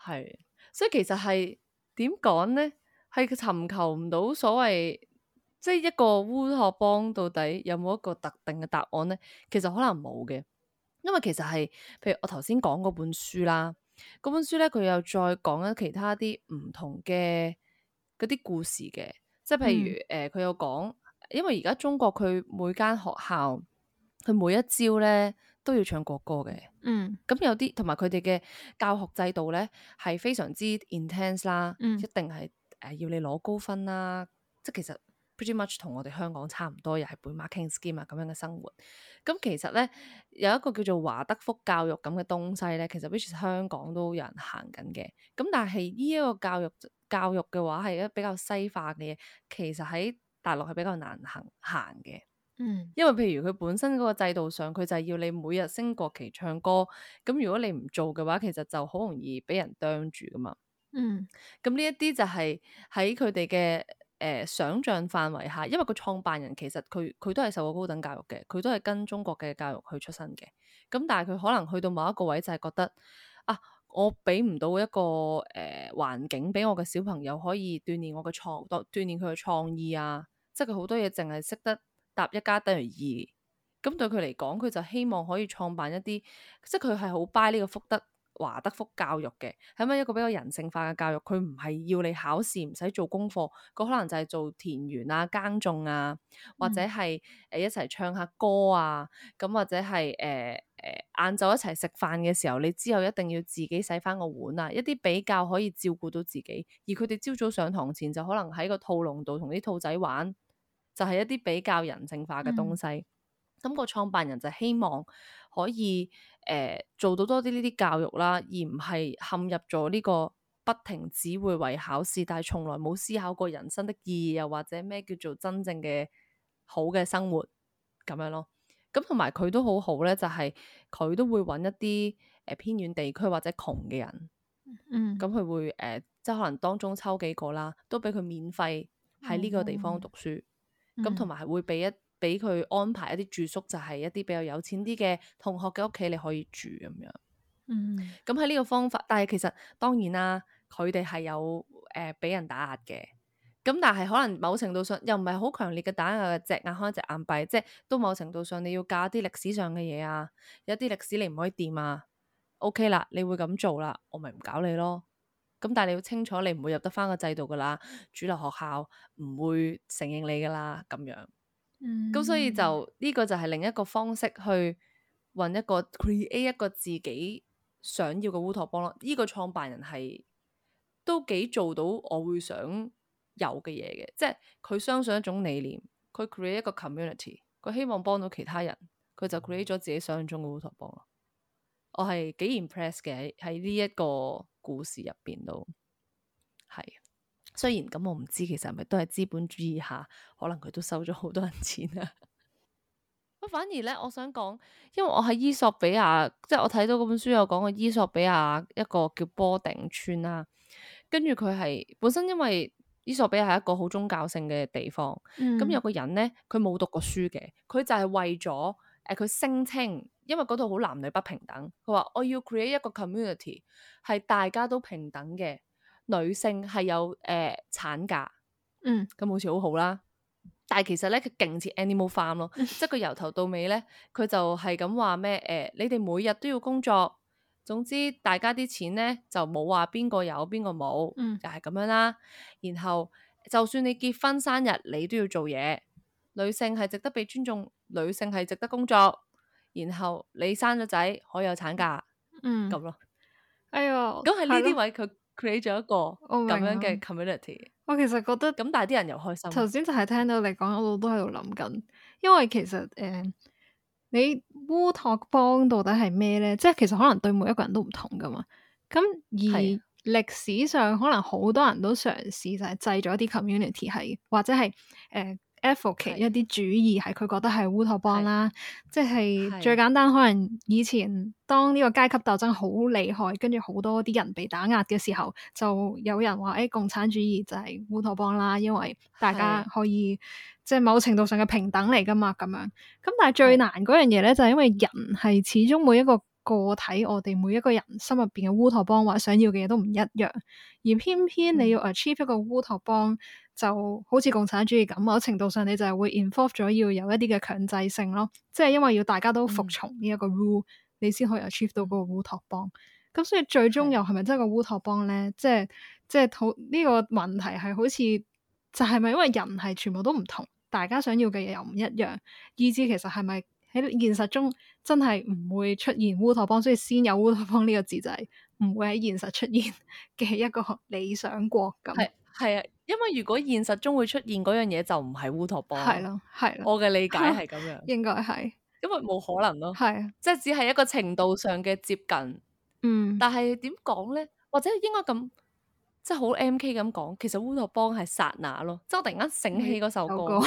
Speaker 1: 係，所以其實係點講咧，係尋求唔到所謂。即係一個烏托邦，到底有冇一個特定嘅答案咧？其實可能冇嘅，因為其實係譬如我頭先講嗰本書啦，嗰本書咧佢又再講緊其他啲唔同嘅嗰啲故事嘅，即係譬如誒佢、嗯呃、有講，因為而家中國佢每間學校佢每一朝咧都要唱國歌嘅，嗯，咁有啲同埋佢哋嘅教學制度咧係非常之 intense 啦，嗯、一定係誒、呃、要你攞高分啦，即係其實。Pretty much 同我哋香港差唔多，又係背 Marking Scheme 咁樣嘅生活。咁其實咧有一個叫做華德福教育咁嘅東西咧，其實 which 香港都有人行緊嘅。咁但係呢一個教育教育嘅話，係一比較西化嘅嘢，其實喺大陸係比較難行行嘅。嗯，因為譬如佢本身嗰個制度上，佢就係要你每日升國旗唱歌。咁如果你唔做嘅話，其實就好容易俾人釘住噶嘛。嗯，咁呢一啲就係喺佢哋嘅誒、呃、想像範圍下，因為個創辦人其實佢佢都係受過高等教育嘅，佢都係跟中國嘅教育去出身嘅。咁但係佢可能去到某一個位就係覺得啊，我俾唔到一個誒環、呃、境俾我嘅小朋友可以鍛鍊我嘅創鍛鍊佢嘅創意啊，即係佢好多嘢淨係識得搭一加等於二。咁對佢嚟講，佢就希望可以創辦一啲，即係佢係好 buy 呢個福德。華德福教育嘅，係咪一個比較人性化嘅教育？佢唔係要你考試，唔使做功課，佢可能就係做田園啊耕種啊，或者係誒、呃、一齊唱下歌啊，咁或者係誒誒晏晝一齊食飯嘅時候，你之後一定要自己洗返個碗啊，一啲比較可以照顧到自己。而佢哋朝早上堂前就可能喺個套籠兔籠度同啲兔仔玩，就係、是、一啲比較人性化嘅東西。咁、嗯、個創辦人就希望。可以誒、呃、做到多啲呢啲教育啦，而唔係陷入咗呢個不停只會為考試，但係從來冇思考過人生的意義，又或者咩叫做真正嘅好嘅生活咁樣咯。咁同埋佢都好好咧，就係佢都會揾一啲誒偏遠地區或者窮嘅人，咁佢會，誒即係可能當中抽幾個啦，都俾佢免費喺呢個地方讀書，咁同埋會俾一。俾佢安排一啲住宿，就係、是、一啲比較有錢啲嘅同學嘅屋企，你可以住咁樣。嗯，咁喺呢個方法，但係其實當然啦，佢哋係有誒俾、呃、人打壓嘅。咁但係可能某程度上，又唔係好強烈嘅打壓，隻眼開隻眼閉，即係都某程度上你要教一啲歷史上嘅嘢啊，有啲歷史你唔可以掂啊。OK 啦，你會咁做啦，我咪唔搞你咯。咁但係你要清楚，你唔會入得翻個制度噶啦，主流學校唔會承認你噶啦，咁樣。.咁、嗯、所以就呢個就係另一個方式去搵一個 create 一個自己想要嘅烏托邦咯。呢個創辦人係都幾做到我會想有嘅嘢嘅，即係佢相信一種理念，佢 create 一個 community，佢希望幫到其他人，佢就 create 咗自己想象中嘅烏托邦咯。我係幾 impress 嘅喺呢一個故事入面都係。雖然咁，我唔知其實係咪都係資本主義下，可能佢都收咗好多人錢啊。反而咧，我想講，因為我喺伊索比亞，即係我睇到嗰本書有講個伊索比亞一個叫波頂村啦。跟住佢係本身，因為伊索比亞係一個好宗教性嘅地方，咁、嗯、有個人咧，佢冇讀過書嘅，佢就係為咗誒，佢聲稱，因為嗰度好男女不平等，佢話我要 create 一個 community 係大家都平等嘅。女性係有誒、呃、產假，嗯，咁好似好好啦。但係其實咧，佢勁似 animal farm 咯，即係佢由頭到尾咧，佢就係咁話咩誒？你哋每日都要工作，總之大家啲錢咧就冇話邊個有邊個冇，就係咁樣啦。然後就算你結婚生日，你都要做嘢。女性係值得被尊重，女性係值得工作。然後你生咗仔可以有產假，嗯，咁咯。哎呦，咁係呢啲位佢。的 create 咗一個咁樣嘅 community，我，我其實覺得咁，但係啲人又開心。頭
Speaker 2: 先就係聽到你講，我都喺度諗緊，因為其實誒、呃，你烏托邦到底係咩咧？即係其實可能對每一個人都唔同噶嘛。咁而歷史上的可能好多人都嘗試就係製咗啲 community 係，或者係誒。呃 e f f o 嘅一啲主義，係佢覺得係烏托邦啦，即係最簡單，可能以前當呢個階級鬥爭好厲害，跟住好多啲人被打壓嘅時候，就有人話，誒、哎，共產主義就係烏托邦啦，因為大家可以是即係某程度上嘅平等嚟噶嘛，咁樣。咁但係最難嗰樣嘢咧，就係因為人係始終每一個個體，我哋每一個人心入邊嘅烏托邦或者想要嘅嘢都唔一樣，而偏偏你要 achieve 一個烏托邦。嗯就好似共產主義咁，某程度上你就係會 enforce 咗要有一啲嘅強制性咯，即係因為要大家都服從呢一個 rule，、嗯、你先可以 achieve 到個烏托邦。咁所以最終又係咪真係個烏托邦咧？的即係即係土呢個問題係好似就係、是、咪因為人係全部都唔同，大家想要嘅嘢又唔一樣，以至其實係咪喺現實中真係唔會出現烏托邦？所以先有烏托邦呢個字就係唔會喺現實出現嘅一個理想國咁。
Speaker 1: 係啊的。因為如果現實中會出現嗰樣嘢，就唔係烏托邦係咯，係咯。我嘅理解係咁樣。 應該係是，因為冇可能咯。係的，即係只係一個程度上嘅接近。嗯。但係點講咧？或者應該咁，即係好 M K 咁講，其實烏托邦係剎那咯，即係我突然間醒起嗰首歌。剎、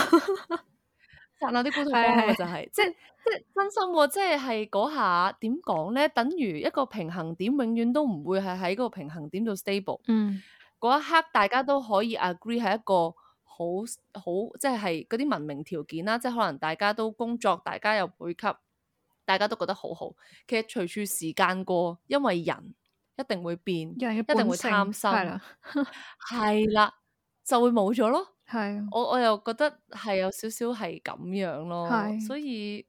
Speaker 1: 嗯、 那啲烏托邦就係，即係即係真心，即係係嗰下點講咧？等於一個平衡點，點，點，永遠都唔會係喺嗰個平衡點度 stable。嗯。嗰一刻，大家都可以 agree 係一個好好，即係嗰啲文明條件啦，即係可能大家都工作，大家又配給，大家都覺得好好。其實隨處時間過，因為人一定會變，一定會貪心，係啦的， 就會冇咗咯。係的我我又覺得係有少少係咁樣咯。係的，所以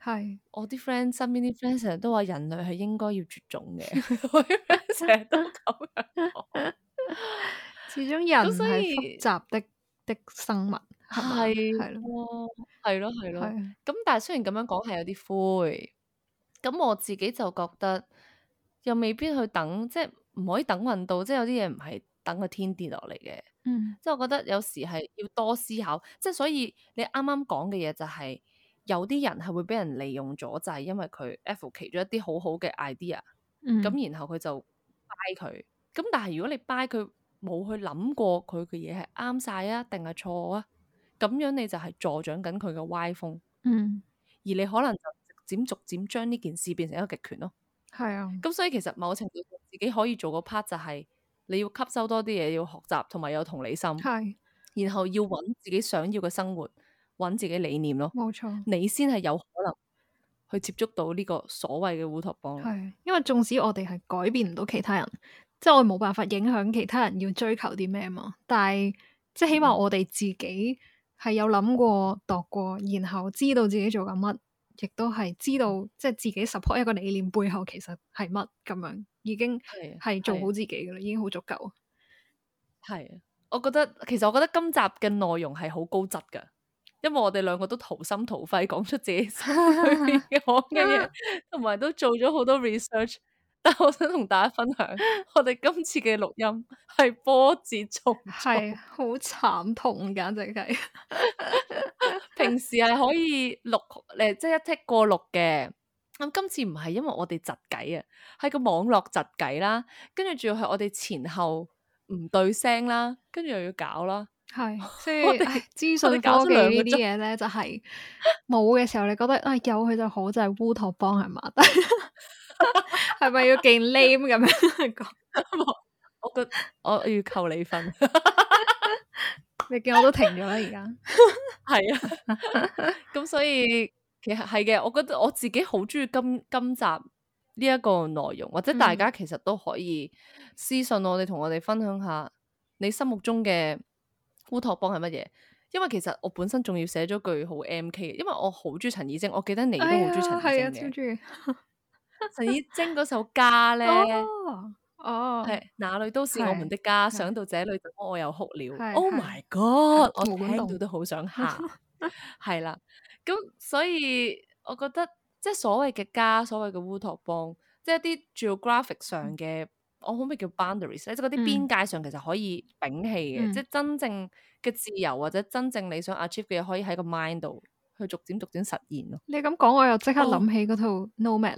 Speaker 1: 係，的我啲 friend 身邊啲 friend 成日都話人類係應該要絕種嘅，我啲 friend 成日都咁樣。 始終人係複雜的以的生物，係係咯，係咯係咯。咁的但係雖然咁樣講係有啲灰，咁我自己就覺得又未必去等，即係唔可以等運到，即係有啲嘢唔係等個天跌落嚟嘅。嗯，即係我覺得有時係要多思考，即係所以你啱啱講嘅嘢就係、是、有啲人係會俾人利用咗，就係因為佢 F p p 企咗一啲好好嘅 idea，咁然後佢就 buy 佢。咁但係如果你 buy 佢冇去諗過佢嘅嘢係啱晒啊，定係錯啊？咁樣你就係助長緊佢嘅歪風。嗯。而你可能就逐漸逐漸將呢件事變成一個極權咯。係啊。咁所以其實某程度上自己可以做個 part 就係、是、你要吸收多啲嘢，要學習同埋有同理心。係是。然後要搵自己想要嘅生活，搵自己理念咯。冇錯錯。你先係有可能去接觸到呢個所謂嘅烏托邦。係是，是因為縱
Speaker 2: 使我哋係改變唔到其他人。即係我冇辦法影響其他人要追求啲咩嘛，但係即係起碼我哋自己係有諗過、度過，然後知道自己做緊乜，亦都係知道即係自己 support 一個理念背後其實係乜咁樣，已經係做好自己噶啦，已經好足夠。係
Speaker 1: 啊，我覺得其實我覺得今集嘅內容係好高質噶，因為我哋兩個都掏心掏肺講出自己心裏邊嘅嘢，同埋都做咗好多 research。但我想同大家分享，我哋今次嘅錄音係波折重重， 係好慘痛，簡直係。平時係可以錄誒，即係一 t a k 過錄嘅。咁今次唔係因為我哋窒計啊，係個網絡窒計啦。跟住仲要係我哋前後唔對聲啦，跟住又要搞啦。係，所以資訊 們、哎、科技呢啲嘢咧， 就係
Speaker 2: 冇嘅時候你覺得啊、哎、有佢就好，就係、是、烏托邦係嘛。 係咪 要勁
Speaker 1: lame 咁樣講？ 我覺我要扣你分， 你見我都停咗而家，係啊。咁 是、啊、 所以其實係嘅，我覺得我自己好中意今今集呢一個內容，或者大家其實都可以私信我哋，同我哋分享下你心目中嘅烏托邦係乜嘢？因為其實我本身仲要寫咗句好 MK，因為我好中意陳綺貞，我記得你都好中意陳綺貞超中意。 陳綺貞嗰首家咧，哦，
Speaker 2: 係
Speaker 1: 哪裏都是我們的家，想到這裏我又哭了。Oh my God，我聽到都好想喊。係啦，咁所以我覺得即係所謂嘅家，所謂嘅烏托邦，即係一啲 geographic 上嘅，我可唔可以叫 boundaries？即係嗰啲邊界上其實可以摒棄嘅，即係真正嘅自由或者真正你想 achieve 嘅嘢，可以喺個 mind 度去逐漸逐漸實現咯。
Speaker 2: 你咁講，我又即刻諗起嗰套 No Man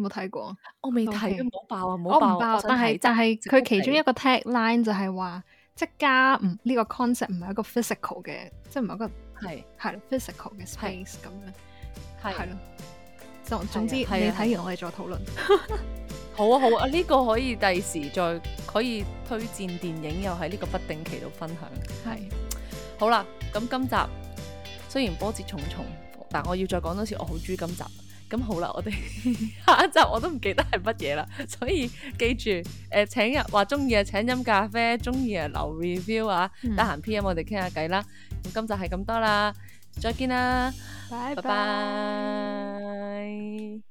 Speaker 2: 冇睇過，我未睇。唔好
Speaker 1: 爆啊！冇爆。我唔爆，但係但係佢其中一
Speaker 2: 個 tagline 就係話，即加唔呢個 concept 唔係一個 physical 嘅，即係唔係一個係係咯 physical 嘅 space 咁樣，係係咯。就總之你睇完我哋再討論。
Speaker 1: 好啊好啊，呢個可以第時再可以推薦電影，又喺呢個不定期度分享。係好啦，咁今集雖然波折重重，但我要再講多次，我好中意今集。咁好啦，我哋下一集我都唔記得係乜嘢啦，所以記住誒、呃，請人話中意啊，請飲咖啡，中意啊留 review 啊，得閒 P 啊，PM 我哋傾下偈啦。咁今集係咁多啦，再見啦，拜拜。